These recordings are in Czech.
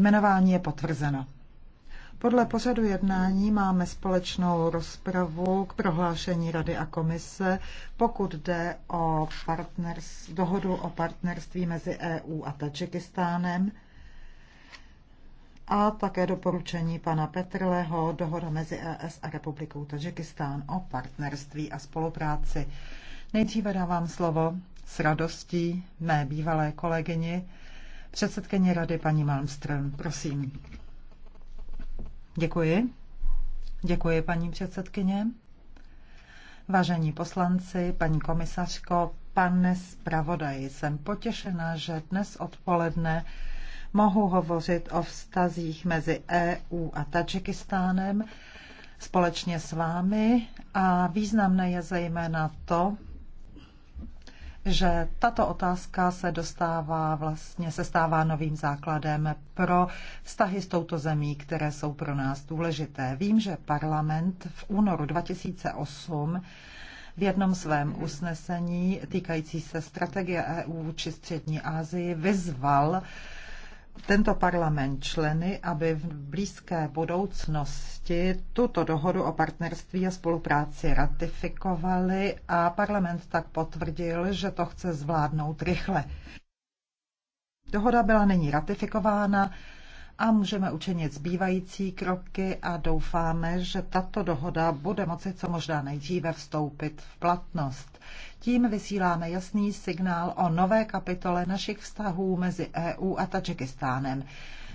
Jmenování je potvrzeno. Podle pořadu jednání máme společnou rozpravu k prohlášení Rady a komise, pokud jde o partners, dohodu o partnerství mezi EU a Tadžikistánem a také doporučení pana Petrleho dohoda mezi ES a Republikou Tadžikistán o partnerství a spolupráci. Nejdříve dávám slovo s radostí mé bývalé kolegyni, Předsedkyně rady paní Malmström, prosím. Děkuji. Děkuji, paní předsedkyně. Vážení poslanci, paní komisařko, pane zpravodaji, jsem potěšena, že dnes odpoledne mohu hovořit o vztazích mezi EU a Tadžikistánem společně s vámi a významné je zejména to, že tato otázka se dostává vlastně, se stává novým základem pro vztahy s touto zemí, které jsou pro nás důležité. Vím, že parlament v únoru 2008 v jednom svém usnesení týkající se strategie EU či střední Asii vyzval uh, tento parlament členy, aby v blízké budoucnosti tuto dohodu o partnerství a spolupráci ratifikovali a parlament tak potvrdil, že to chce zvládnout rychle. Dohoda byla nyní ratifikována, a můžeme učinit zbývající kroky a doufáme, že tato dohoda bude moci co možná nejdříve vstoupit v platnost. Tím vysíláme jasný signál o nové kapitole našich vztahů mezi EU a Tadžikistánem.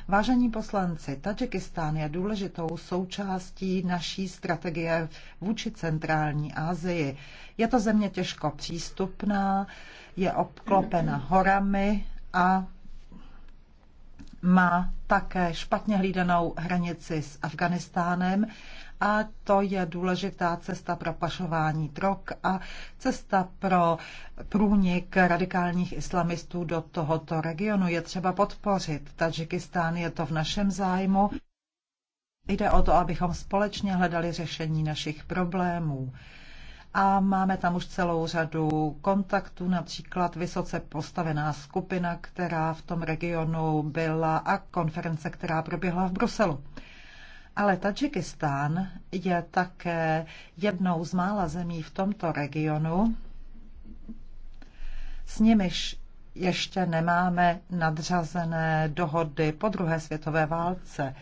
Vážení poslanci, Tadžikistán je důležitou součástí naší strategie vůči centrální Asii. Je to země těžko přístupná, je obklopena horami a má také špatně hlídanou hranici s Afganistánem a to je důležitá cesta pro pašování drog a cesta pro průnik radikálních islamistů do tohoto regionu. Je třeba podpořit. Tadžikistán je to v našem zájmu. Jde o to, abychom společně hledali řešení našich problémů a máme tam už celou řadu kontaktů, například vysoce postavená skupina, která v tom regionu byla a konference, která proběhla v Bruselu. Ale Tadžikistán je také jednou z mála zemí v tomto regionu, s nimiž ještě nemáme nadřazené dohody po druhé světové válce.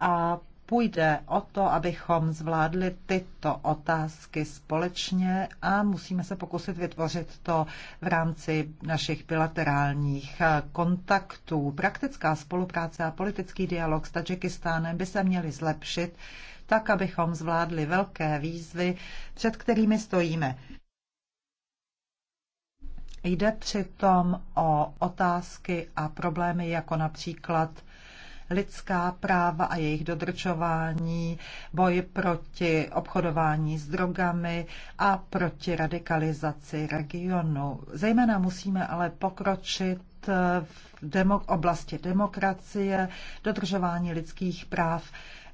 A půjde o to, abychom zvládli tyto otázky společně a musíme se pokusit vytvořit to v rámci našich bilaterálních eh, kontaktů. Praktická spolupráce a politický dialog s Tadžikistánem by se měly zlepšit, tak abychom zvládli velké výzvy, před kterými stojíme. Jde přitom o otázky a problémy jako například lidská práva a jejich dodržování, boj proti obchodování s drogami a proti radikalizaci regionu. Zejména musíme ale pokročit v demo- oblasti demokracie, dodržování lidských práv.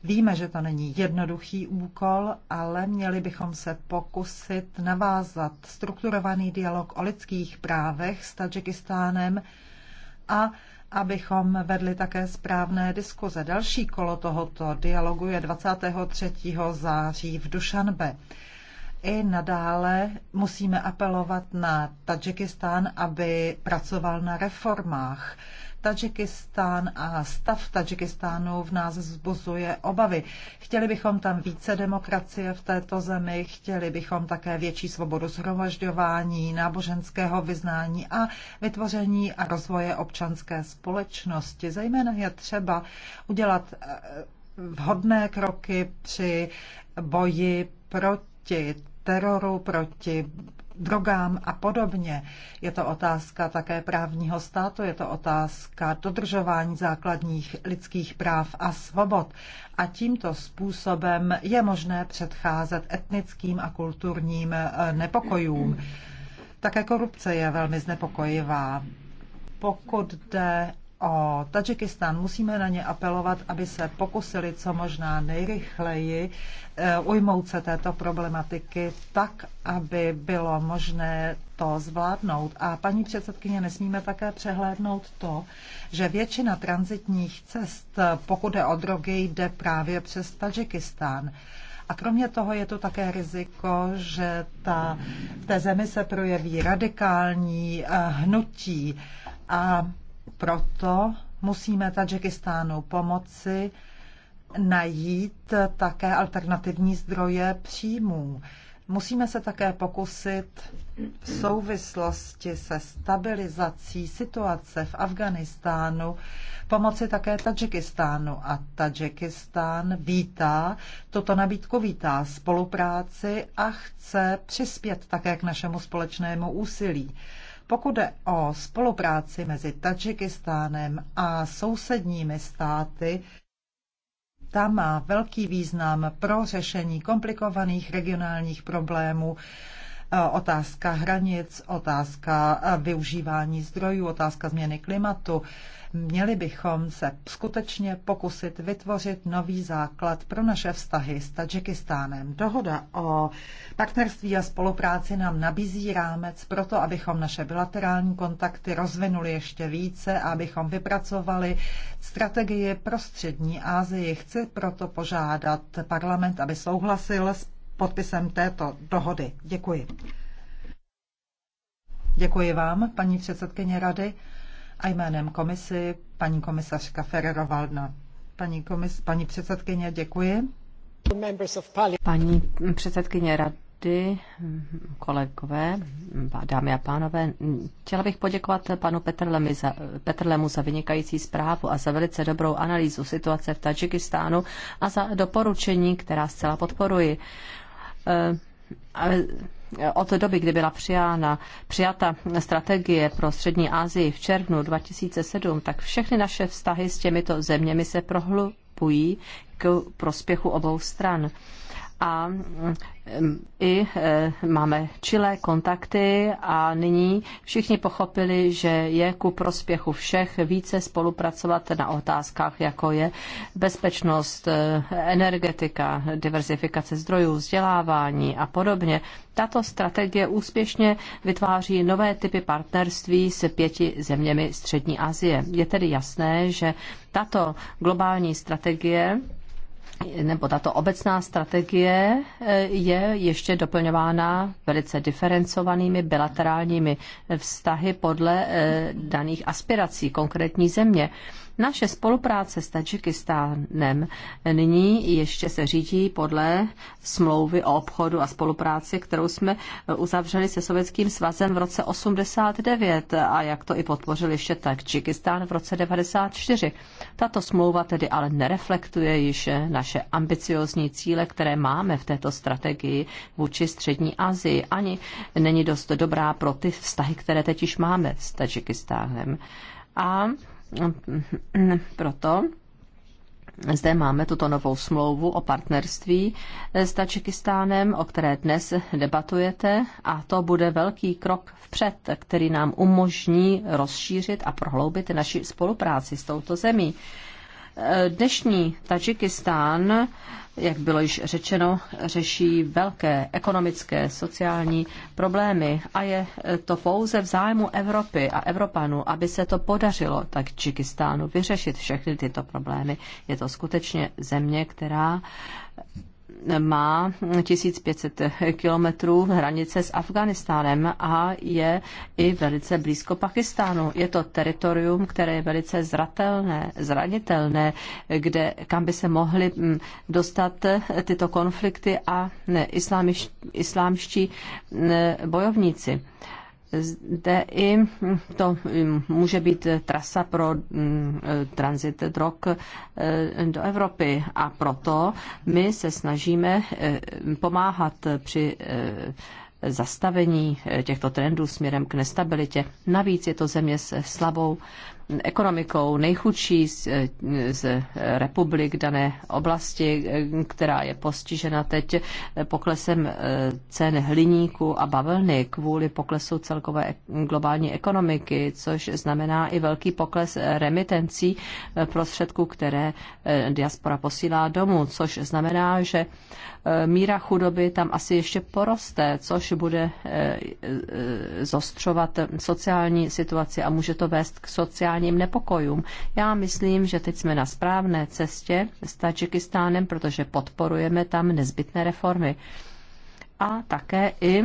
Víme, že to není jednoduchý úkol, ale měli bychom se pokusit navázat strukturovaný dialog o lidských právech s Tadžikistánem a abychom vedli také správné diskuze. Další kolo tohoto dialogu je 23. září v Dušanbe. I nadále musíme apelovat na Tadžikistán, aby pracoval na reformách. Tadžikistán a stav Tadžikistánu v nás vzbuzuje obavy. Chtěli bychom tam více demokracie v této zemi, chtěli bychom také větší svobodu shromažďování, náboženského vyznání a vytvoření a rozvoje občanské společnosti. Zejména je třeba udělat eh, vhodné kroky při boji proti teroru, proti drogám a podobně. Je to otázka také právního státu, je to otázka dodržování základních lidských práv a svobod. A tímto způsobem je možné předcházet etnickým a kulturním eh, nepokojům. Také korupce je velmi znepokojivá. Pokud jde o Tadžikistán, musíme na ně apelovat, aby se pokusili co možná nejrychleji eh, ujmout se této problematiky tak, aby bylo možné to zvládnout. A paní předsedkyně, nesmíme také přehlédnout to, že většina transitních cest, pokud je o drogy, jde právě přes Tadžikistán. A kromě toho je to také riziko, že ta, v té zemi se projeví radikální eh, hnutí. A proto musíme Tadžikistánu pomoci najít také alternativní zdroje příjmů. Musíme se také pokusit v souvislosti se stabilizací situace v Afganistánu pomoci také Tadžikistánu. A Tadžikistán vítá, toto nabídku vítá spolupráci a chce přispět také k našemu společnému úsilí. Pokud jde o spolupráci mezi Tadžikistánem a sousedními státy, ta má velký význam pro řešení komplikovaných regionálních problémů otázka hranic, otázka eh, využívání zdrojů, otázka změny klimatu. Měli bychom se skutečně pokusit vytvořit nový základ pro naše vztahy s Tadžikistánem. Dohoda o partnerství a spolupráci nám nabízí rámec pro to, abychom naše bilaterální kontakty rozvinuli ještě více a abychom vypracovali strategii pro střední Asii. Chci proto požádat parlament, aby souhlasil s podpisem této dohody. Děkuji. Děkuji vám, paní předsedkyně rady, a jménem komisi paní komisařka Ferrerovalna. Paní, komis, paní předsedkyně, děkuji. Paní předsedkyně rady, kolegové, dámy a pánové, chtěla bych poděkovat panu Petrlemu za, Petrlemu za vynikající zprávu a za velice dobrou analýzu situace v Tadžikistánu a za doporučení, která zcela podporuji. Eh, eh, od doby, kdy byla přijána, přijata strategie pro Střední Asii v červnu 2007, tak všechny naše vztahy s těmito zeměmi se prohlubují k prospěchu obou stran a i e, máme čilé kontakty a nyní všichni pochopili, že je ku prospěchu všech více spolupracovat na otázkách, jako je bezpečnost, e, energetika, diverzifikace zdrojů, vzdělávání a podobně. Tato strategie úspěšně vytváří nové typy partnerství s pěti zeměmi Střední Asie. Je tedy jasné, že tato globální strategie nebo tato obecná strategie eh, je ještě doplňována velice diferencovanými bilaterálními vztahy podle eh, daných aspirací konkrétní země. Naše spolupráce s Tadžikistánem nyní ještě se řídí podle smlouvy o obchodu a spolupráci, kterou jsme uzavřeli se Sovětským svazem v roce 89 a jak to i podpořil ještě Tadžikistán v roce 94. Tato smlouva tedy ale nereflektuje již naše ambiciozní cíle, které máme v této strategii vůči Střední Asii. Ani není dost dobrá pro ty vztahy, které teď již máme s Tadžikistánem. A Mm, proto zde máme tuto novou smlouvu o partnerství eh, s Tačikistánem, o které dnes debatujete a to bude velký krok vpřed, který nám umožní rozšířit a prohloubit naši spolupráci s touto zemí. Dnešní Tadžikistán, jak bylo již řečeno, řeší velké ekonomické, sociální problémy a je to pouze v zájmu Evropy a Evropanů, aby se to podařilo Tadžikistánu vyřešit všechny tyto problémy. Je to skutečně země, která má 1500 kilometrů hranice s Afganistánem a je i velice blízko Pakistánu. Je to teritorium, které je velice zratelné, zranitelné, kde, kam by se mohly mm, dostat tyto konflikty a islámští mm, bojovníci zde i hm, to hm, může být trasa pro hm, eh, transit drog eh, do Evropy a proto my se snažíme eh, pomáhat při zastavení těchto trendů směrem k nestabilitě. Navíc je to země s slabou ekonomikou nejchudší z, z republik dané oblasti, která je postižena teď poklesem eh, cen hliníku a bavlny kvůli poklesu celkové globální ekonomiky, což znamená i velký pokles remitencí eh, prostředků, které eh, diaspora posílá domů, což znamená, že Eh, míra chudoby tam asi ještě poroste, což bude eh, eh, zostřovat sociální situaci a může to vést k sociálním nepokojům. Já myslím, že teď jsme na správné cestě s Tadžikistánem, protože podporujeme tam nezbytné reformy. A také i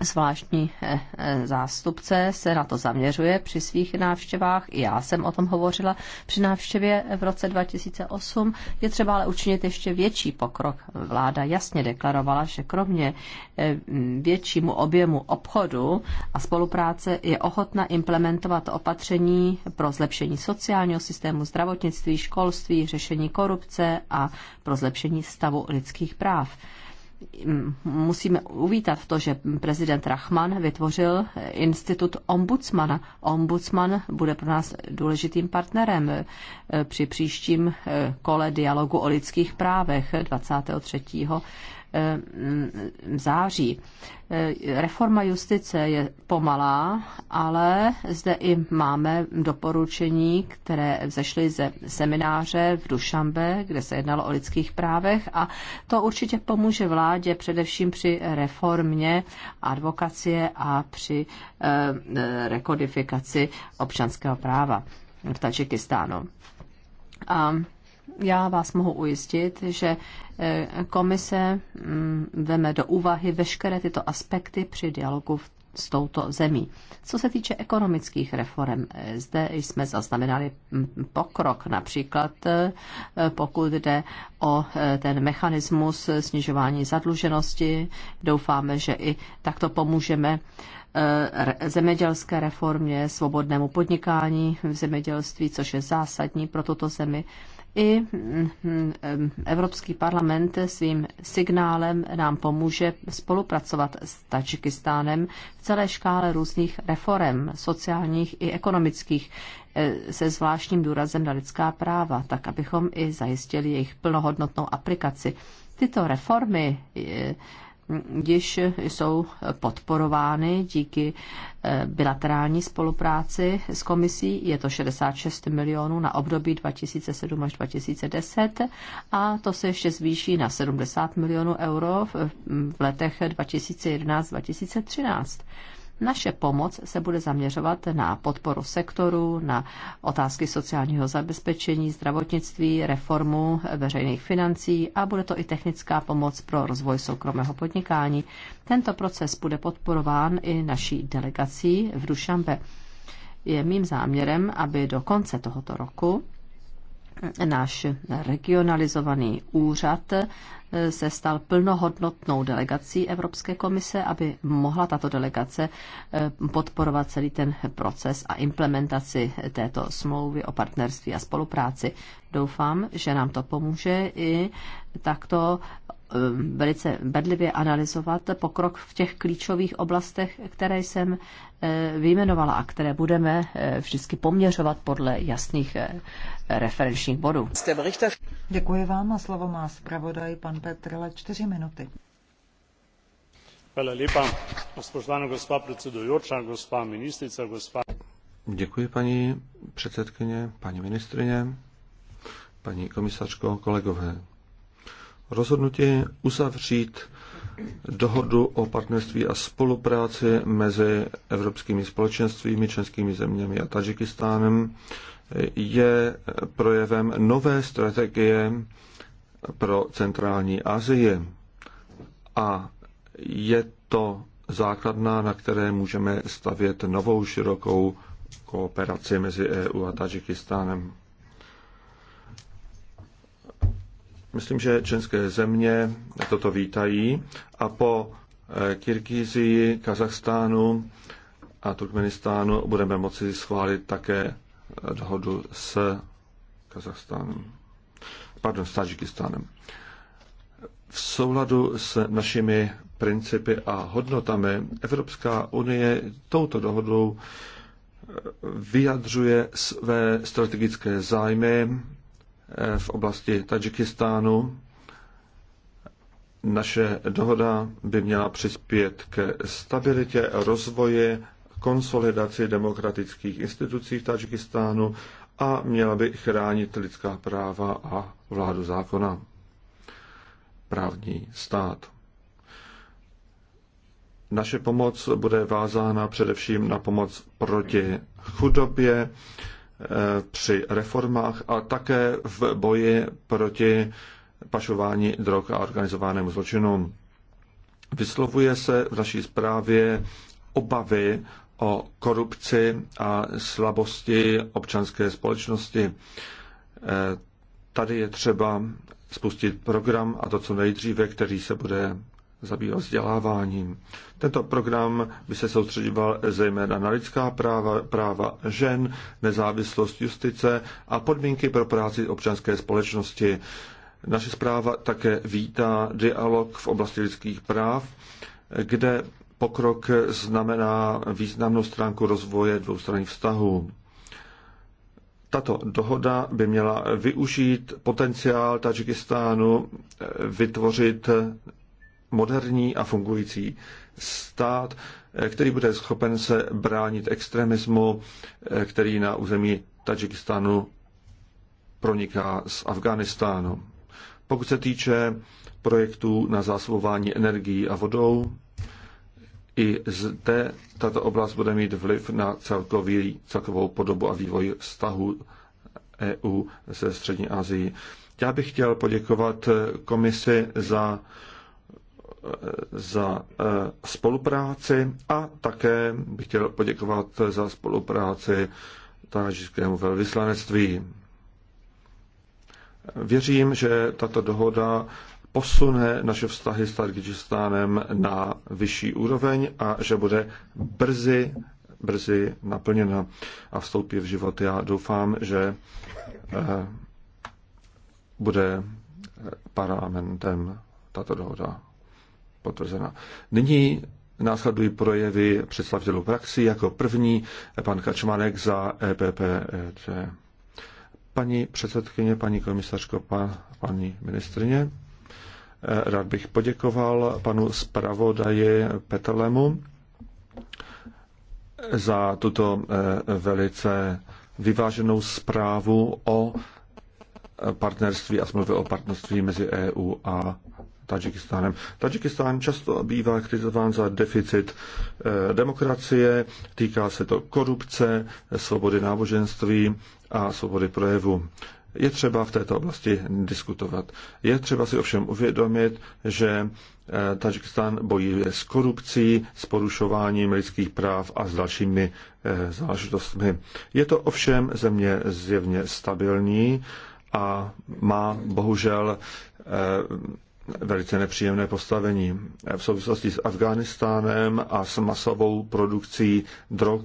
Zvláštní eh, eh, zástupce se na to zaměřuje při svých návštěvách, i já jsem o tom hovořila při návštěvě v roce 2008. Je třeba ale učinit ještě větší pokrok. Vláda jasně deklarovala, že kromě eh, většímu objemu obchodu a spolupráce je ochotna implementovat opatření pro zlepšení sociálního systému, zdravotnictví, školství, řešení korupce a pro zlepšení stavu lidských práv musíme uvítat to, že prezident Rachman vytvořil institut ombudsmana. Ombudsman bude pro nás důležitým partnerem při příštím kole dialogu o lidských právech 23. Eh, v září. Eh, reforma justice je pomalá, ale zde i máme doporučení, které vzešly ze semináře v Dušambe, kde se jednalo o lidských právech a to určitě pomůže vládě především při reformě advokacie a při eh, rekodifikaci občanského práva v Tadžikistánu. A já vás mohu ujistit, že eh, komise mm, veme do úvahy veškeré tyto aspekty při dialogu s touto zemí. Co se týče ekonomických reform, eh, zde jsme zaznamenali mm, pokrok, například eh, pokud jde o ten mechanismus snižování zadluženosti. Doufáme, že i takto pomůžeme zemědělské reformě, svobodnému podnikání v zemědělství, což je zásadní pro tuto zemi i hm, hm, Evropský parlament svým signálem nám pomůže spolupracovat s Tadžikistánem v celé škále různých reform, sociálních i ekonomických, e, se zvláštním důrazem na lidská práva, tak abychom i zajistili jejich plnohodnotnou aplikaci. Tyto reformy e, když jsou podporovány díky eh, bilaterální spolupráci s komisí. Je to 66 milionů na období 2007 až 2010 a to se ještě zvýší na 70 milionů euro v letech 2011-2013. Naše pomoc se bude zaměřovat na podporu sektoru, na otázky sociálního zabezpečení, zdravotnictví, reformu veřejných financí a bude to i technická pomoc pro rozvoj soukromého podnikání. Tento proces bude podporován i naší delegací v Dušambe. Je mým záměrem, aby do konce tohoto roku náš regionalizovaný úřad se stal plnohodnotnou delegací Evropské komise, aby mohla tato delegace eh, podporovat celý ten proces a implementaci této smlouvy o partnerství a spolupráci. Doufám, že nám to pomůže i takto eh, velice bedlivě analyzovat pokrok v těch klíčových oblastech, které jsem eh, vyjmenovala a které budeme vždycky poměřovat podle jasných referenčních bodů. Děkuji vám a slovo má zpravodaj pan Petrle, čtyři minuty. Hvala lepa, spoštovana gospa predsedujoča, gospa ministrica, gospa... Děkuji, paní předsedkyně, paní ministrině, paní komisařko, kolegové. Rozhodnutí uzavřít dohodu o partnerství a spolupráci mezi evropskými společenstvími, členskými zeměmi a Tadžikistánem je projevem nové strategie pro centrální Asii. A je to základna, na které můžeme stavět novou širokou kooperaci mezi EU a Tadžikistánem. Myslím, že české země toto vítají a po e, Kirgizii, Kazachstánu a Turkmenistánu budeme moci schválit také dohodu s Kazachstánem pardon, s Tadžikistánem. V souladu s našimi principy a hodnotami Evropská unie touto dohodou eh, vyjadřuje své strategické zájmy eh, v oblasti Tadžikistánu. Naše dohoda by měla přispět ke stabilitě, rozvoji, konsolidaci demokratických institucí v Tadžikistánu a měla by chránit lidská práva a vládu zákona, právní stát. Naše pomoc bude vázána především na pomoc proti chudobě, eh, při reformách a také v boji proti pašování drog a organizovanému zločinu. Vyslovuje se v naší zprávě obavy o korupci a slabosti občanské společnosti. Eh, Tady je třeba spustit program, a to co nejdříve, který se bude zabývat vzděláváním. Tento program by se soustředíval zejména na lidská práva, práva žen, nezávislost justice a podmínky pro práci občanské společnosti. Naše zpráva také vítá dialog v oblasti lidských práv, kde pokrok znamená významnou stránku rozvoje dvoustranných vztahů. Tato dohoda by měla využít potenciál Tadžikistánu eh, vytvořit moderní a fungující stát, eh, který bude schopen se bránit extremismu, eh, který na území Tadžikistánu proniká z Afghánistánu. Pokud se týče projektů na zásobování energií a vodou, i zde tato oblast bude mít vliv na celkový, celkovou podobu a vývoj vztahu EU se Střední Asií. Já bych chtěl poděkovat komisi za, za eh, spolupráci a také bych chtěl poděkovat za spolupráci tážickému velvyslanectví. Věřím, že tato dohoda posune naše vztahy s Tadžikistánem na vyšší úroveň a že bude brzy, brzy naplněna a vstoupí v život. Já doufám, že eh, bude eh, parlamentem tato dohoda potvrzena. Nyní následují projevy představitelů praxi. Jako první pan Kačmanek za EPP. E paní předsedkyně, paní komisařko, pan, paní ministrině. Eh, rád bych poděkoval panu zpravodaji Petrlemu za tuto eh, velice vyváženou zprávu o eh, partnerství a smlouvy o partnerství mezi EU a Tadžikistánem. Tadžikistán často bývá kritizován za deficit demokracie, týká se to korupce, svobody náboženství a svobody projevu. Je třeba v této oblasti diskutovat. Je třeba si ovšem uvědomit, že eh, Tadžikistán bojuje s korupcí, s porušováním lidských práv a s dalšími eh, záležitostmi. Je to ovšem země zjevně stabilní a má bohužel eh, velice nepříjemné postavení. V souvislosti s Afghánistánem a s masovou produkcí drog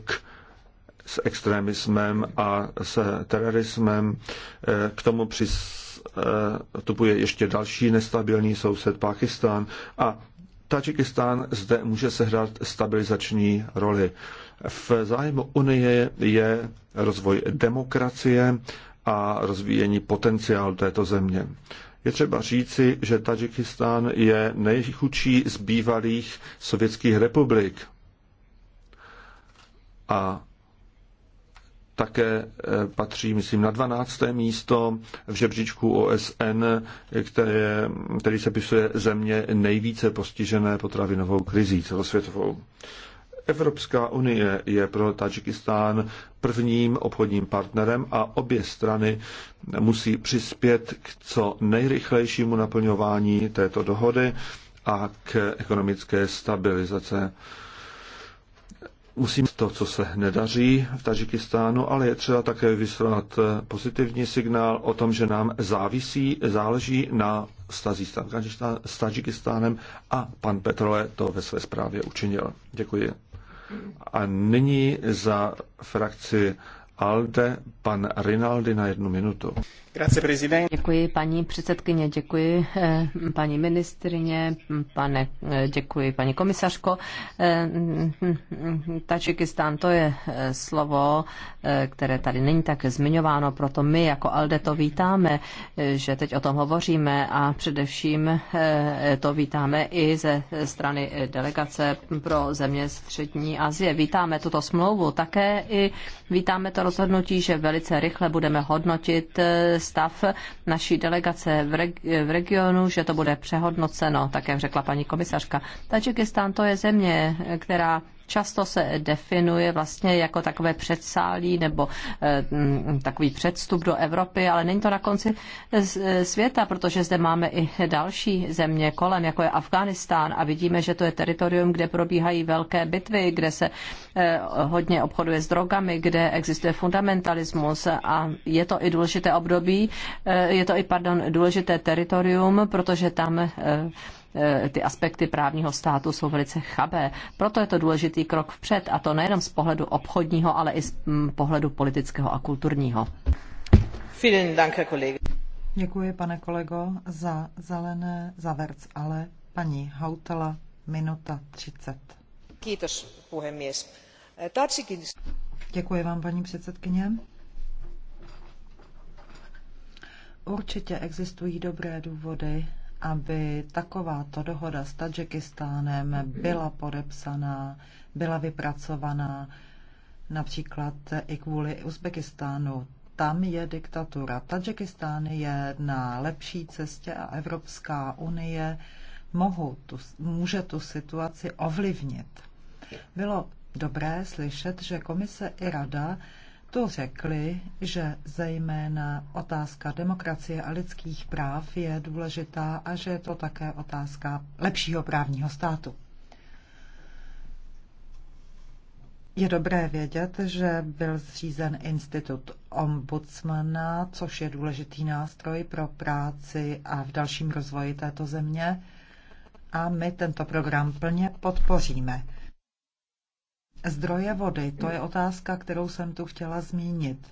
s extremismem a s terorismem. Eh, k tomu přistupuje eh, ještě další nestabilní soused Pakistán a Tadžikistán zde může sehrát stabilizační roli. V zájmu Unie je rozvoj demokracie a rozvíjení potenciálu této země. Je třeba říci, že Tadžikistán je nejchudší z bývalých sovětských republik. A také eh, patří, myslím, na 12. místo v žebříčku OSN, které, který se pisuje země nejvíce postižené potravinovou krizí celosvětovou. Evropská unie je pro Tadžikistán prvním obchodním partnerem a obě strany musí přispět k co nejrychlejšímu naplňování této dohody a k ekonomické stabilizace Musím to, co se nedaří v Tadžikistánu, ale je třeba také vyslat pozitivní signál o tom, že nám závisí, záleží na stazí s Tadžikistánem a pan Petrole to ve své zprávě učinil. Děkuji. A nyní za frakci ALDE, pan Rinaldi na jednu minutu. Děkuji paní předsedkyně, děkuji eh, paní ministrině, pane, eh, děkuji paní komisařko. Eh, Tačikistán to je slovo, které tady není tak zmiňováno, proto my jako ALDE to vítáme, že teď o tom hovoříme a především to vítáme i ze strany delegace pro země Střední Asie. Vítáme tuto smlouvu, také i vítáme to roz rozhodnutí, že velice rychle budeme hodnotit eh, stav naší delegace v, reg- v regionu, že to bude přehodnoceno, tak jak řekla paní komisařka. Tadžikistán to je země, eh, která často se definuje vlastně jako takové předsálí nebo eh, mm, takový předstup do Evropy, ale není to na konci eh, eh, světa, protože zde máme i další země kolem, jako je Afghánistán a vidíme, že to je teritorium, kde probíhají velké bitvy, kde se hodně obchoduje s drogami, kde existuje fundamentalismus a je to i důležité období, je to i, pardon, důležité teritorium, protože tam Eh, ty aspekty právního státu jsou velice chabé. Proto je to důležitý krok vpřed a to nejenom z pohledu obchodního, ale i z mm, pohledu politického a kulturního. Děkuji, pane kolego, za zelené zaverc, ale paní Hautala, minuta 30. Kýtos, puhemies. Eh, Děkuji vám, paní předsedkyně. Určitě existují dobré důvody aby takováto dohoda s Tadžikistánem byla podepsaná, byla vypracovaná například i kvůli Uzbekistánu. Tam je diktatura. Tadžikistán je na lepší cestě a Evropská unie mohou tu, může tu situaci ovlivnit. Bylo dobré slyšet, že komise i rada tu řekli, že zejména otázka demokracie a lidských práv je důležitá a že je to také otázka lepšího právního státu. Je dobré vědět, že byl zřízen institut ombudsmana, což je důležitý nástroj pro práci a v dalším rozvoji této země. A my tento program plně podpoříme. Zdroje vody, to je otázka, kterou jsem tu chtěla zmínit.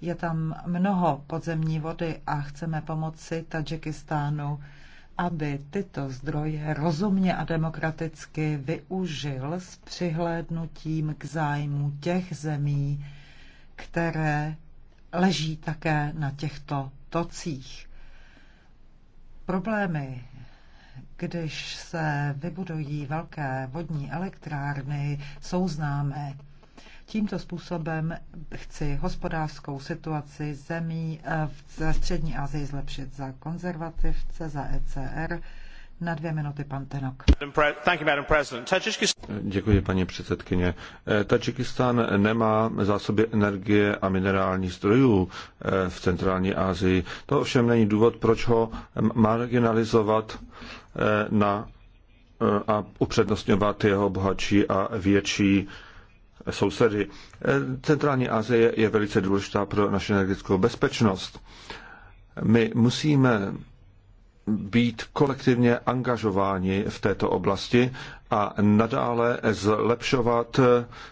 Je tam mnoho podzemní vody a chceme pomoci Tadžikistánu, aby tyto zdroje rozumně a demokraticky využil s přihlédnutím k zájmu těch zemí, které leží také na těchto tocích. Problémy když se vybudují velké vodní elektrárny, jsou známé. Tímto způsobem chci hospodářskou situaci zemí eh, v střední Asii zlepšit za konzervativce, za ECR. Na dvě minuty pan Tenok. Děkuji, paní předsedkyně. Eh, Tadžikistán nemá zásoby energie a minerálních zdrojů eh, v centrální Asii. To ovšem není důvod, proč ho marginalizovat Eh, na, eh, a upřednostňovat jeho bohatší a větší sousedy. Eh, Centrální Asie je velice důležitá pro naši energetickou bezpečnost. My musíme být kolektivně angažováni v této oblasti a nadále zlepšovat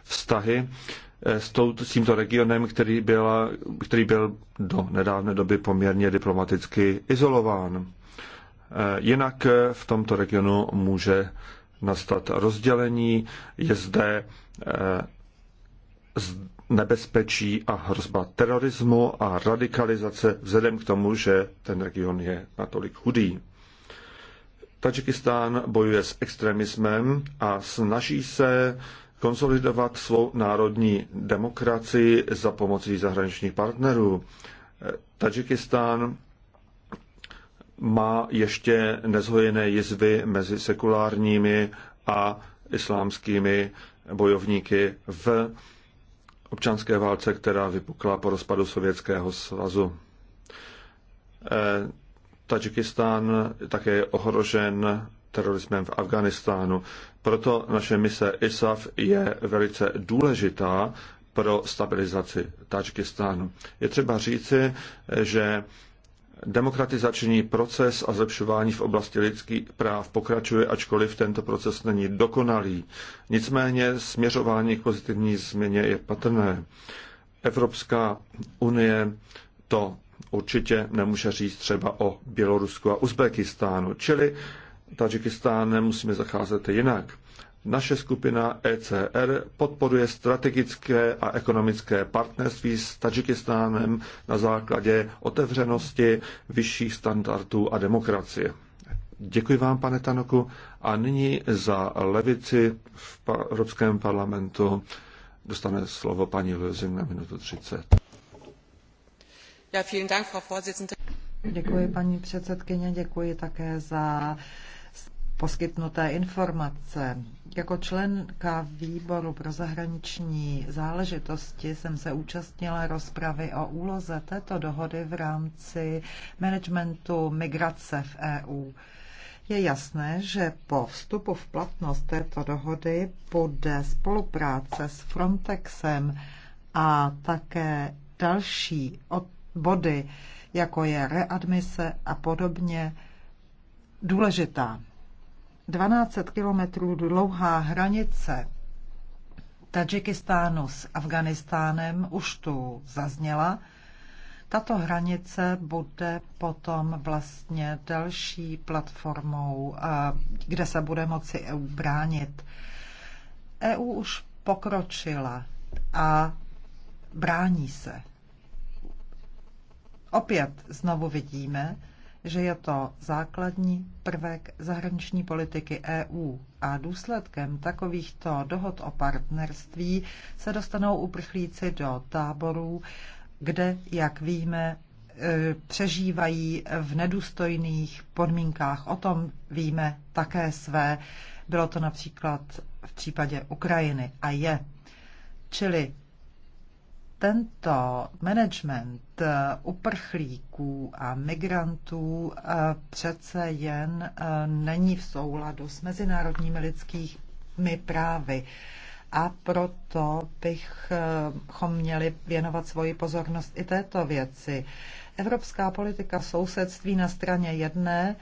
vztahy s, tímto regionem, který byl, který byl do nedávné doby poměrně diplomaticky izolován. Eh, jinak eh, v tomto regionu může nastat rozdělení, je zde eh, nebezpečí a hrozba terorismu a radikalizace vzhledem k tomu, že ten region je natolik chudý. Tadžikistán bojuje s extremismem a snaží se konsolidovat svou národní demokracii za pomocí zahraničních partnerů. Tadžikistán má ještě nezhojené jizvy mezi sekulárními a islámskými bojovníky v občanské válce, která vypukla po rozpadu Sovětského svazu. Eh, Tadžikistán také je ohrožen terorismem v Afganistánu. Proto naše mise ISAF je velice důležitá pro stabilizaci Tadžikistánu. Je třeba říci, že Demokratizační proces a zlepšování v oblasti lidských práv pokračuje, ačkoliv tento proces není dokonalý. Nicméně směřování k pozitivní změně je patrné. Evropská unie to určitě nemůže říct třeba o Bělorusku a Uzbekistánu, čili Tadžikistán nemusíme zacházet jinak. Naše skupina ECR podporuje strategické a ekonomické partnerství s Tadžikistánem na základě otevřenosti, vyšších standardů a demokracie. Děkuji vám, pane Tanoku. A nyní za levici v Evropském parlamentu dostane slovo paní Lezing na minutu 30. Děkuji, paní předsedkyně, děkuji také za poskytnuté informace. Jako členka výboru pro zahraniční záležitosti jsem se účastnila rozpravy o úloze této dohody v rámci managementu migrace v EU. Je jasné, že po vstupu v platnost této dohody bude spolupráce s Frontexem a také další body, jako je readmise a podobně, důležitá. 1200 kilometrů dlouhá hranice Tadžikistánu s Afganistánem už tu zazněla. Tato hranice bude potom vlastně další platformou, eh, kde se bude moci EU bránit. EU už pokročila a brání se. Opět znovu vidíme, že je to základní prvek zahraniční politiky EU a důsledkem takovýchto dohod o partnerství se dostanou uprchlíci do táborů, kde, jak víme, e, přežívají v nedůstojných podmínkách. O tom víme také své. Bylo to například v případě Ukrajiny a je. Čili tento management eh, uprchlíků a migrantů eh, přece jen eh, není v souladu s mezinárodními lidskými právy. A proto bychom měli věnovat svoji pozornost i této věci. Evropská politika sousedství na straně jedné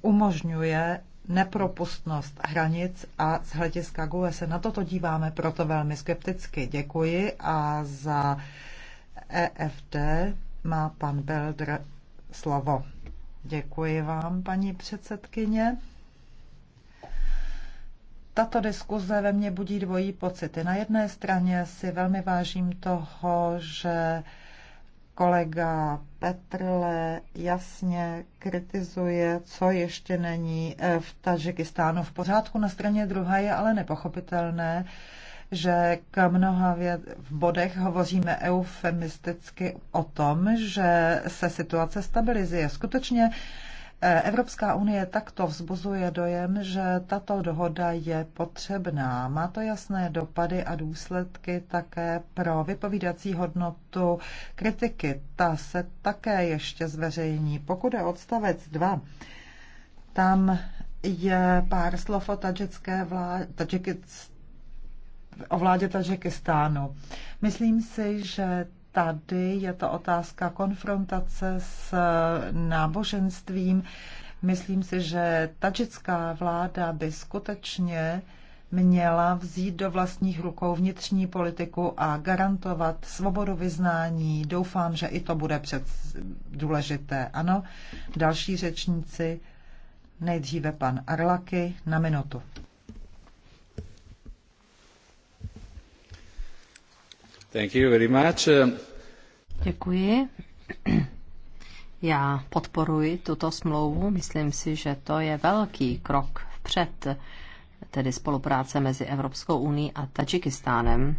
umožňuje nepropustnost hranic a z hlediska GUE se na toto díváme proto velmi skepticky. Děkuji a za EFD má pan Belder slovo. Děkuji vám, paní předsedkyně. Tato diskuze ve mně budí dvojí pocity. Na jedné straně si velmi vážím toho, že kolega Petrle jasně kritizuje, co ještě není eh, v Tažikistánu v pořádku. Na straně druhé je ale nepochopitelné, že k mnoha věd, v bodech hovoříme eufemisticky o tom, že se situace stabilizuje. Skutečně Evropská unie takto vzbuzuje dojem, že tato dohoda je potřebná. Má to jasné dopady a důsledky také pro vypovídací hodnotu kritiky. Ta se také ještě zveřejní. Pokud je odstavec 2, tam je pár slov o tadžické vládě, tadžiky, o vládě Tadžikistánu. Myslím si, že tady je to otázka konfrontace s eh, náboženstvím. Myslím si, že tadžická vláda by skutečně měla vzít do vlastních rukou vnitřní politiku a garantovat svobodu vyznání. Doufám, že i to bude před důležité. Ano, další řečníci, nejdříve pan Arlaky na minutu. Děkuji. Já podporuji tuto smlouvu. Myslím si, že to je velký krok vpřed, tedy spolupráce mezi Evropskou uní a Tadžikistánem,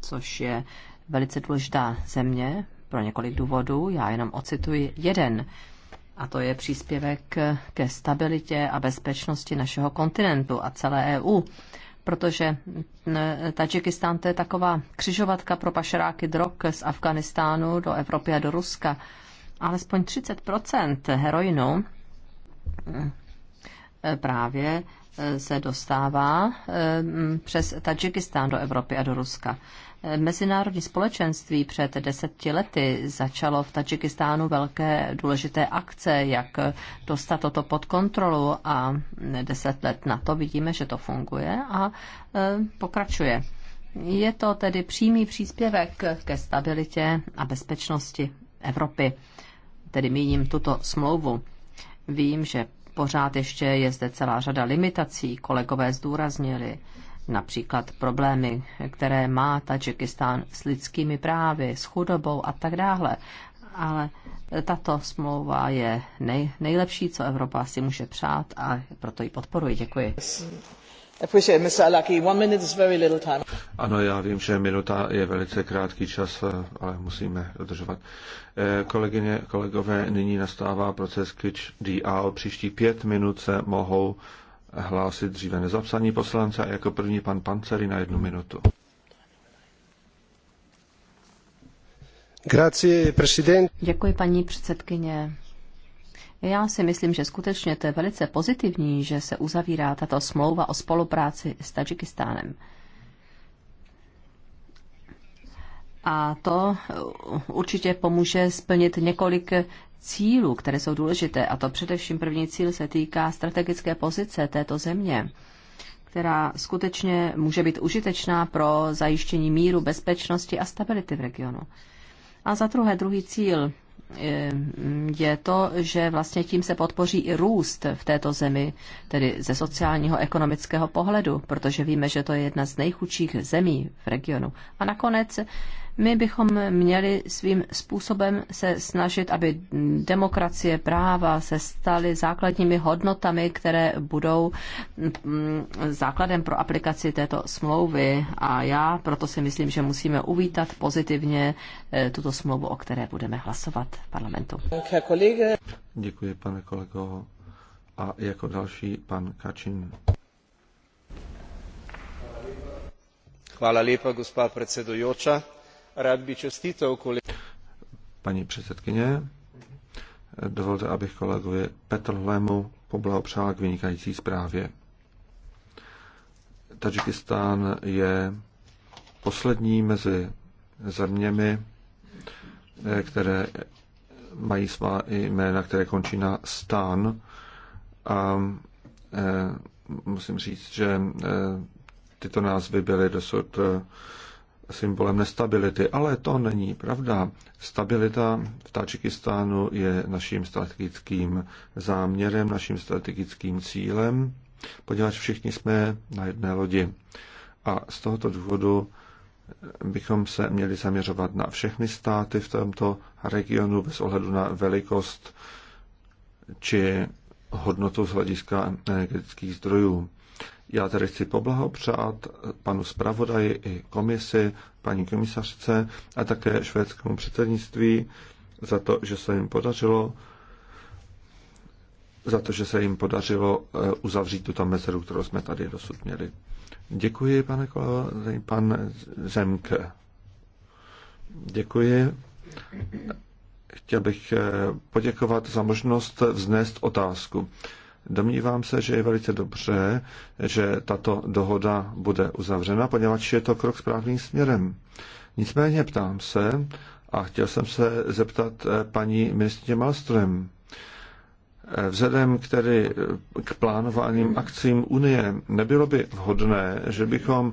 což je velice důležitá země pro několik důvodů. Já jenom ocituji jeden. A to je příspěvek ke stabilitě a bezpečnosti našeho kontinentu a celé EU protože mm, Tadžikistán to je taková křižovatka pro pašeráky drog z Afganistánu do Evropy a do Ruska. Alespoň 30 heroinu mm, právě se dostává eh, přes Tadžikistán do Evropy a do Ruska. Eh, mezinárodní společenství před deseti lety začalo v Tadžikistánu velké důležité akce, jak dostat toto pod kontrolu a deset let na to vidíme, že to funguje a eh, pokračuje. Je to tedy přímý příspěvek ke stabilitě a bezpečnosti Evropy, tedy míním tuto smlouvu. Vím, že Pořád ještě je zde celá řada limitací, kolegové zdůraznili například problémy, které má Tadžikistán s lidskými právy, s chudobou a tak dále. Ale tato smlouva je nej, nejlepší, co Evropa si může přát a proto ji podporuji. Děkuji. Ano, já vím, že minuta je velice krátký čas, eh, ale musíme dodržovat. Eh, kolegyně, kolegové, nyní nastává proces Klitch DL. Příští pět minut se mohou hlásit dříve nezapsaní poslance a jako první pan Panceri na jednu minutu. Děkuji, paní předsedkyně. Já si myslím, že skutečně to je velice pozitivní, že se uzavírá tato smlouva o spolupráci s Tadžikistánem. A to uh, určitě pomůže splnit několik cílů, které jsou důležité. A to především první cíl se týká strategické pozice této země, která skutečně může být užitečná pro zajištění míru, bezpečnosti a stability v regionu. A za druhé, druhý cíl Eh, je to, že vlastně tím se podpoří i růst v této zemi, tedy ze sociálního, ekonomického pohledu, protože víme, že to je jedna z nejchudších zemí v regionu. A nakonec my bychom měli svým způsobem se snažit, aby demokracie, práva se staly základními hodnotami, které budou mm, základem pro aplikaci této smlouvy. A já proto si myslím, že musíme uvítat pozitivně eh, tuto smlouvu, o které budeme hlasovat v parlamentu. Děkuji, pane kolego. A jako další pan Kačin. Hvala lepa, gospa predsedujoča rád by čestitou kvůli... Paní předsedkyně, dovolte, abych kolegovi Petrlemu poblahopřál k vynikající zprávě. Tadžikistán je poslední mezi zeměmi, eh, které mají svá jména, které končí na stán. A eh, musím říct, že eh, tyto názvy byly dosud symbolem nestability, ale to není pravda. Stabilita v Tadžikistánu je naším strategickým záměrem, naším strategickým cílem, poněvadž všichni jsme na jedné lodi. A z tohoto důvodu bychom se měli zaměřovat na všechny státy v tomto regionu bez ohledu na velikost či hodnotu z hlediska energetických zdrojů. Já tady chci poblahopřát panu zpravodaji i komisi, paní komisařce a také švédskému předsednictví za to, že se jim podařilo za to, že se jim podařilo eh, uzavřít tuto mezeru, kterou jsme tady dosud měli. Děkuji, pane Kola, pan Zemke. Děkuji. Chtěl bych eh, poděkovat za možnost vznést otázku. Domnívám se, že je velice dobře, že tato dohoda bude uzavřena, poněvadž je to krok správným směrem. Nicméně ptám se, a chtěl jsem se zeptat eh, paní ministrině Malström, eh, vzhledem k, tedy eh, k plánovaným akcím Unie, nebylo by vhodné, že bychom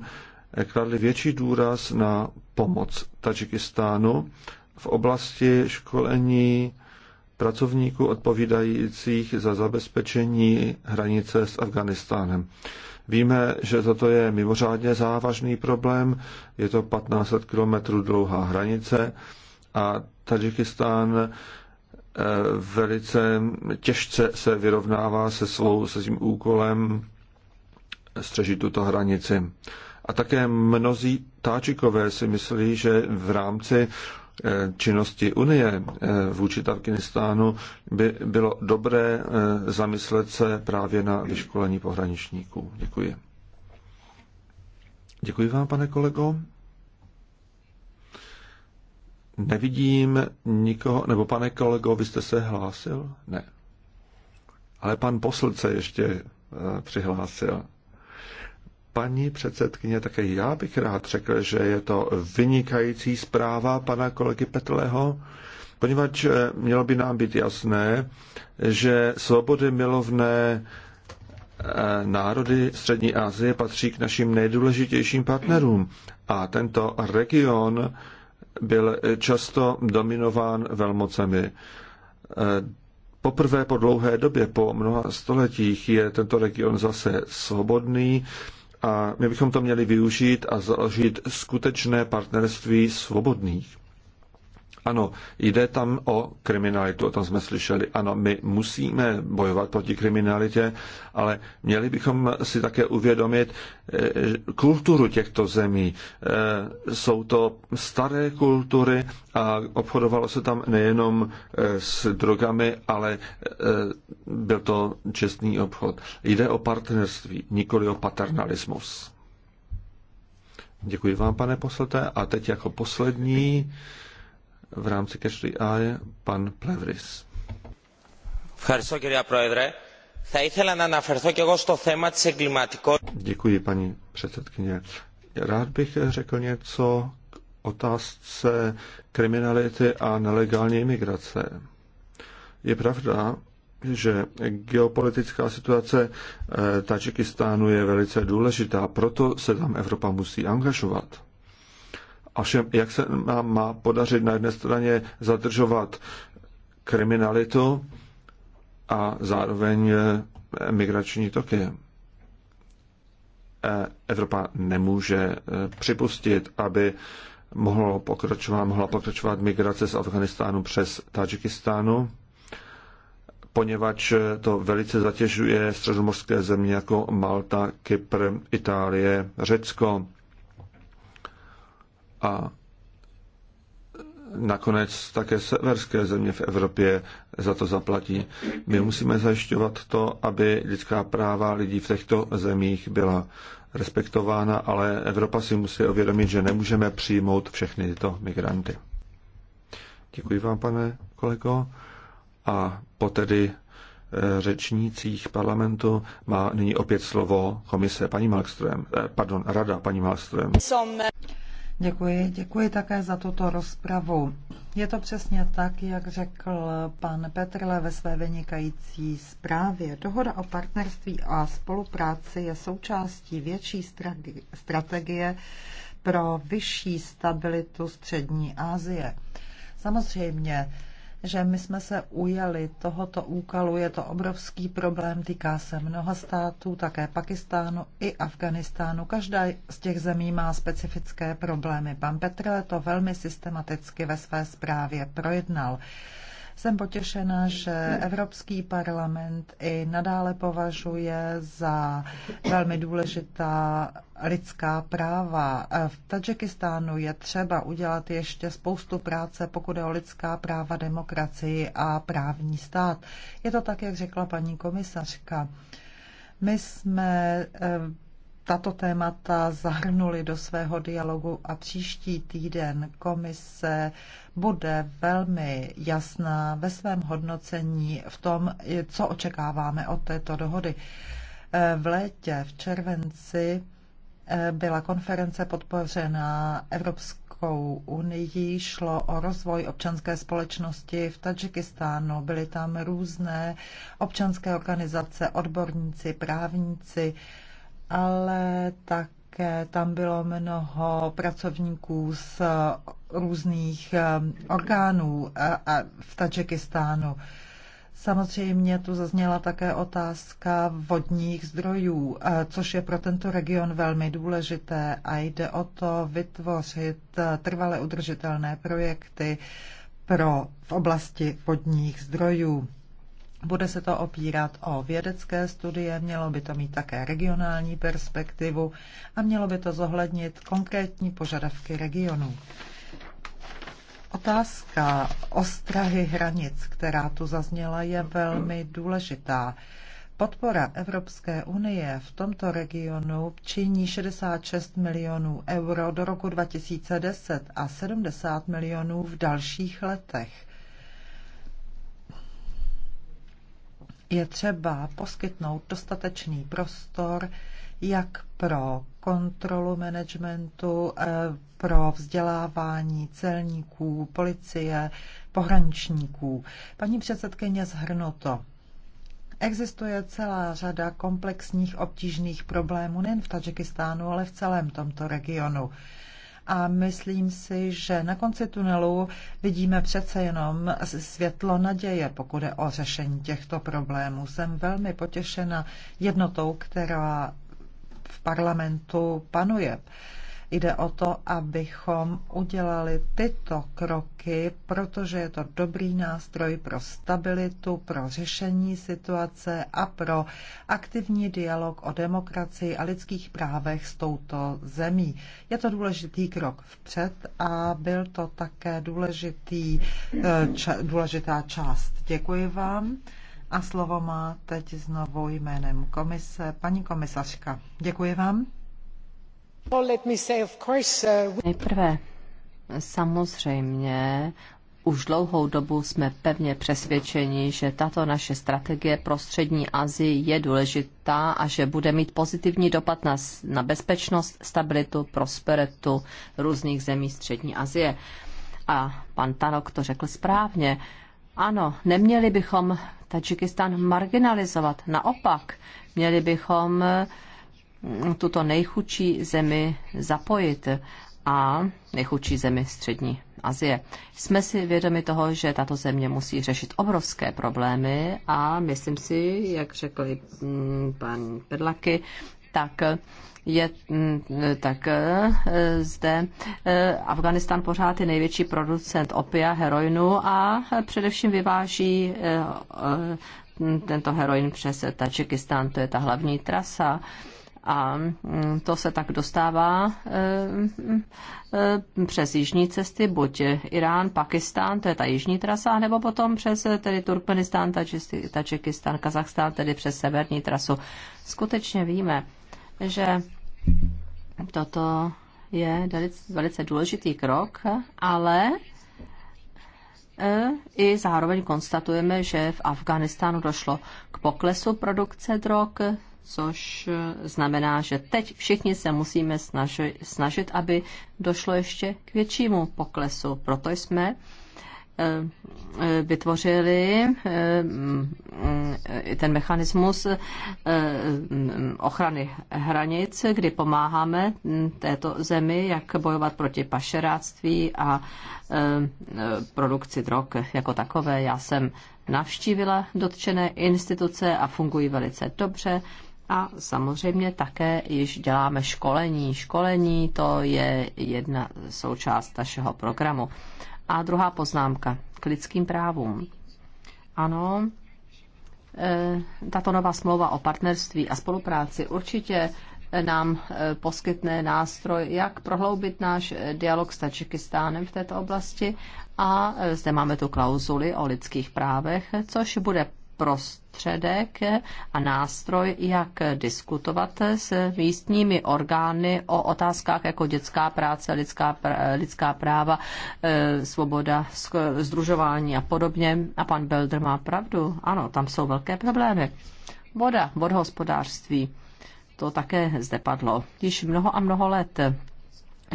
kladli větší důraz na pomoc Tadžikistánu v oblasti školení, pracovníků odpovídajících za zabezpečení hranice s Afganistánem. Víme, že toto je mimořádně závažný problém, je to 1500 kilometrů dlouhá hranice a Tadžikistán eh, velice těžce se vyrovnává se, svou, se svým úkolem střežit tuto hranici. A také mnozí táčikové si myslí, že v rámci Eh, činnosti Unie eh, vůči Afganistánu by bylo dobré eh, zamyslet se právě na vyškolení pohraničníků. Děkuji. Děkuji vám, pane kolego. Nevidím nikoho, nebo pane kolego, vy jste se hlásil? Ne. Ale pan poslce ještě ještě přihlásil. Paní předsedkyně, také já bych rád řekl, že je to vynikající zpráva pana kolegy Petleho. poněvadž eh, mělo by nám být jasné, že svobody milovné eh, národy Střední Asie patří k našim nejdůležitějším partnerům a tento region byl často dominován velmocemi. Eh, poprvé po dlouhé době, po mnoha stoletích, je tento region zase svobodný a my bychom to měli využít a založit skutečné partnerství svobodných. Ano, jde tam o kriminalitu, o tom jsme slyšeli. Ano, my musíme bojovat proti kriminalitě, ale měli bychom si také uvědomit eh, kulturu těchto zemí. Eh, jsou to staré kultury a obchodovalo se tam nejenom eh, s drogami, ale byl to čestný obchod. Jde o partnerství, nikoli o paternalismus. Děkuji vám, pane poslete. A teď jako poslední v rámci Cash Eye pan Plevris. Děkuji, paní předsedkyně. Rád bych řekl něco k otázce kriminality a nelegální imigrace. Je pravda, že geopolitická situace eh, Tadžikistánu je velice důležitá, proto se tam Evropa musí angažovat. A všem, jak se nám má podařit na jedné straně zadržovat kriminalitu a zároveň eh, migrační toky? Eh, Evropa nemůže eh, připustit, aby mohlo pokračovat, mohla pokračovat migrace z Afganistánu přes Tadžikistánu, poněvadž to velice zatěžuje středomorské země jako Malta, Kypr, Itálie, Řecko a nakonec také severské země v Evropě za to zaplatí. My musíme zajišťovat to, aby lidská práva lidí v těchto zemích byla respektována, ale Evropa si musí uvědomit, že nemůžeme přijmout všechny tyto migranty. Děkuji vám, pane kolego. A po tedy eh, řečnících parlamentu má nyní opět slovo komise paní Malström, eh, pardon, rada paní Malström. Děkuji, děkuji také za tuto rozpravu. Je to přesně tak, jak řekl pan Petrle ve své vynikající zprávě. Dohoda o partnerství a spolupráci je součástí větší strategie pro vyšší stabilitu Střední Asie. Samozřejmě že my jsme se ujeli tohoto úkalu. Je to obrovský problém, týká se mnoha států, také Pakistánu i Afganistánu. Každá z těch zemí má specifické problémy. Pan Petr to velmi systematicky ve své zprávě projednal. Jsem potěšena, že Evropský parlament i nadále považuje za velmi důležitá lidská práva. V Tadžikistánu je třeba udělat ještě spoustu práce, pokud je o lidská práva, demokracii a právní stát. Je to tak, jak řekla paní komisařka. My jsme eh, tato témata zahrnuli do svého dialogu a příští týden komise bude velmi jasná ve svém hodnocení v tom, co očekáváme od této dohody. Eh, v létě, v červenci, eh, byla konference podpořena Evropskou unii, šlo o rozvoj občanské společnosti v Tadžikistánu. Byly tam různé občanské organizace, odborníci, právníci, ale také tam bylo mnoho pracovníků z různých eh, orgánů eh, v Tadžikistánu. Samozřejmě tu zazněla také otázka vodních zdrojů, eh, což je pro tento region velmi důležité a jde o to vytvořit trvale udržitelné projekty pro v oblasti vodních zdrojů. Bude se to opírat o vědecké studie, mělo by to mít také regionální perspektivu a mělo by to zohlednit konkrétní požadavky regionů. Otázka ostrahy hranic, která tu zazněla, je velmi důležitá. Podpora Evropské unie v tomto regionu činí 66 milionů euro do roku 2010 a 70 milionů v dalších letech. je třeba poskytnout dostatečný prostor jak pro kontrolu managementu, eh, pro vzdělávání celníků, policie, pohraničníků. Paní předsedkyně zhrnuto. Existuje celá řada komplexních obtížných problémů nejen v Tadžikistánu, ale v celém tomto regionu a myslím si, že na konci tunelu vidíme přece jenom světlo naděje, pokud je o řešení těchto problémů. Jsem velmi potěšena jednotou, která v parlamentu panuje. Jde o to, abychom udělali tyto kroky, protože je to dobrý nástroj pro stabilitu, pro řešení situace a pro aktivní dialog o demokracii a lidských právech s touto zemí. Je to důležitý krok vpřed a byl to také důležitý, eh, ča, důležitá část. Děkuji vám. A slovo má teď znovu jménem komise paní komisařka. Děkuji vám. Uh, Nejprve samozřejmě už dlouhou dobu jsme pevně přesvědčeni, že tato naše strategie pro střední Asii je důležitá a že bude mít pozitivní dopad na, na bezpečnost, stabilitu, prosperitu různých zemí střední Asie. A pan Tanok to řekl správně. Ano, neměli bychom Tadžikistán marginalizovat. Naopak, měli bychom tuto nejchudší zemi zapojit a nejchudší zemi střední Azie. Jsme si vědomi toho, že tato země musí řešit obrovské problémy a myslím si, jak řekl i mm, pan Pedlaky, tak je mm, tak e, zde e, Afganistán pořád je největší producent opia, heroinu a především vyváží e, tento heroin přes Tačikistán, to je ta hlavní trasa a mm, to se tak dostává eh, mm, eh, přes jižní cesty, buď Irán, Pakistán, to je ta jižní trasa, nebo potom přes eh, tedy Turkmenistán, Tačikistán, Kazachstán, tedy přes severní trasu. Skutečně víme, že toto je velice důležitý krok, ale i zároveň konstatujeme, že v Afganistánu došlo k poklesu produkce drog, což znamená, že teď všichni se musíme snažit, snažit aby došlo ještě k většímu poklesu. Proto jsme eh, eh, vytvořili eh, mm, ten mechanismus mm, ochrany hranic, kdy pomáháme mm, této zemi, jak bojovat proti pašeráctví a produkci drog jako takové. Já jsem navštívila dotčené instituce a fungují velice dobře. A samozřejmě také již děláme školení. Školení to je jedna součást našeho programu. A druhá poznámka k lidským právům. Ano, eh, tato nová smlouva o partnerství a spolupráci určitě eh, nám eh, poskytne nástroj, jak prohloubit náš dialog s Tadžikistánem v této oblasti. A zde máme tu klauzuli o lidských právech, což bude prostředek a nástroj, jak diskutovat s místními orgány o otázkách jako dětská práce, lidská, lidská práva, eh, svoboda združování a podobně. A pan Belder má pravdu, ano, tam jsou velké problémy. Voda, vodohospodářství, to také zde padlo. Již mnoho a mnoho let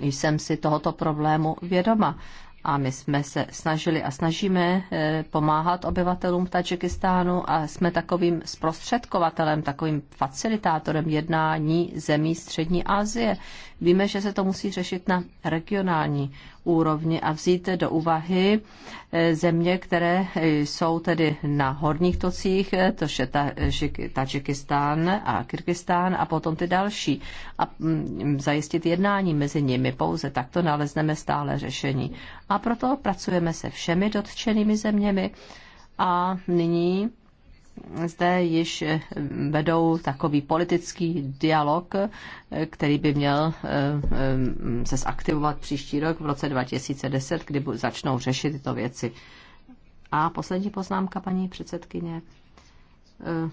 jsem si tohoto problému vědoma a my jsme se snažili a snažíme eh, pomáhat obyvatelům Tadžikistánu a jsme takovým zprostředkovatelem, takovým facilitátorem jednání zemí Střední Asie. Víme, že se to musí řešit na regionální úrovni a vzít do úvahy eh, země, které eh, jsou tedy na horních tocích, eh, to je Tadžikistán a Kyrgyzstán a potom ty další a mm, zajistit jednání mezi nimi. Pouze takto nalezneme stále řešení. A proto pracujeme se všemi dotčenými zeměmi a nyní zde již vedou takový politický dialog, který by měl eh, eh, se zaktivovat příští rok v roce 2010, kdy začnou řešit tyto věci. A poslední poznámka, paní předsedkyně. Eh,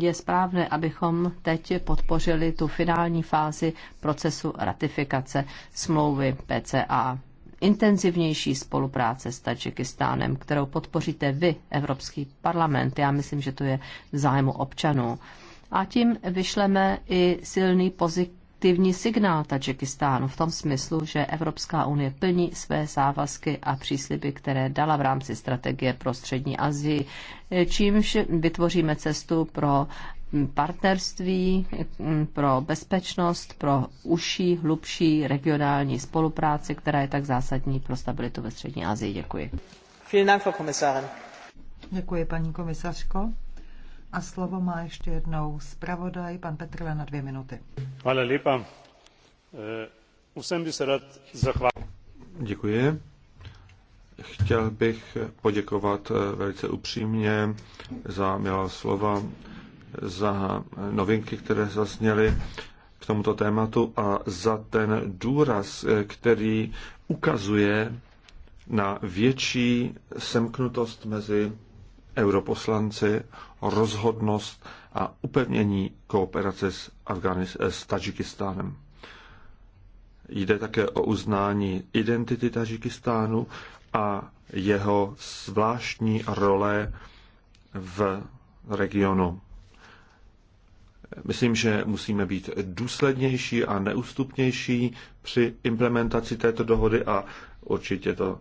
je správné, abychom teď podpořili tu finální fázi procesu ratifikace smlouvy PCA intenzivnější spolupráce s Tadžikistánem, kterou podpoříte vy, Evropský parlament. Já myslím, že to je v zájmu občanů. A tím vyšleme i silný pozitivní signál Tadžikistánu v tom smyslu, že Evropská unie plní své závazky a přísliby, které dala v rámci strategie pro střední Azii, čímž vytvoříme cestu pro partnerství mm, pro bezpečnost, pro užší, hlubší regionální spolupráci, která je tak zásadní pro stabilitu ve Střední Asii. Děkuji. Děkuji, paní komisařko. A slovo má ještě jednou zpravodaj, pan Petrle, na dvě minuty. Hvala lepa. Usem eh, se rád zachválit. Děkuji. Chtěl bych poděkovat eh, velice upřímně za milá slova za novinky, které zazněly k tomuto tématu a za ten důraz, který ukazuje na větší semknutost mezi europoslanci, rozhodnost a upevnění kooperace s, Afganis, s Tadžikistánem. Jde také o uznání identity Tadžikistánu a jeho zvláštní role v regionu. Myslím, že musíme být důslednější a neústupnější při implementaci této dohody a určitě to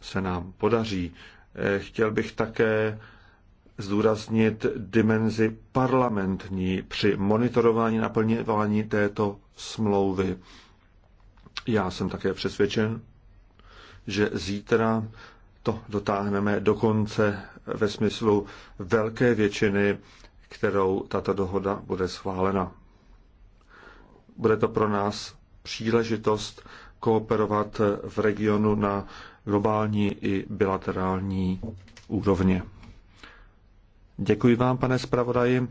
se nám podaří. Eh, chtěl bych také zdůraznit dimenzi parlamentní při monitorování naplňování této smlouvy. Já jsem také přesvědčen, že zítra to dotáhneme do konce ve smyslu velké většiny kterou tato dohoda bude schválena. Bude to pro nás příležitost kooperovat v regionu na globální i bilaterální úrovně. Děkuji vám, pane zpravodaji.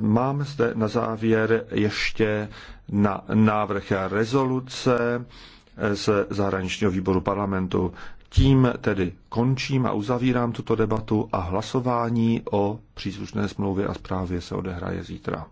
Mám zde na závěr ještě na návrh rezoluce z zahraničního výboru parlamentu. Tím tedy končím a uzavírám tuto debatu a hlasování o příslušné smlouvě a zprávě se odehraje zítra.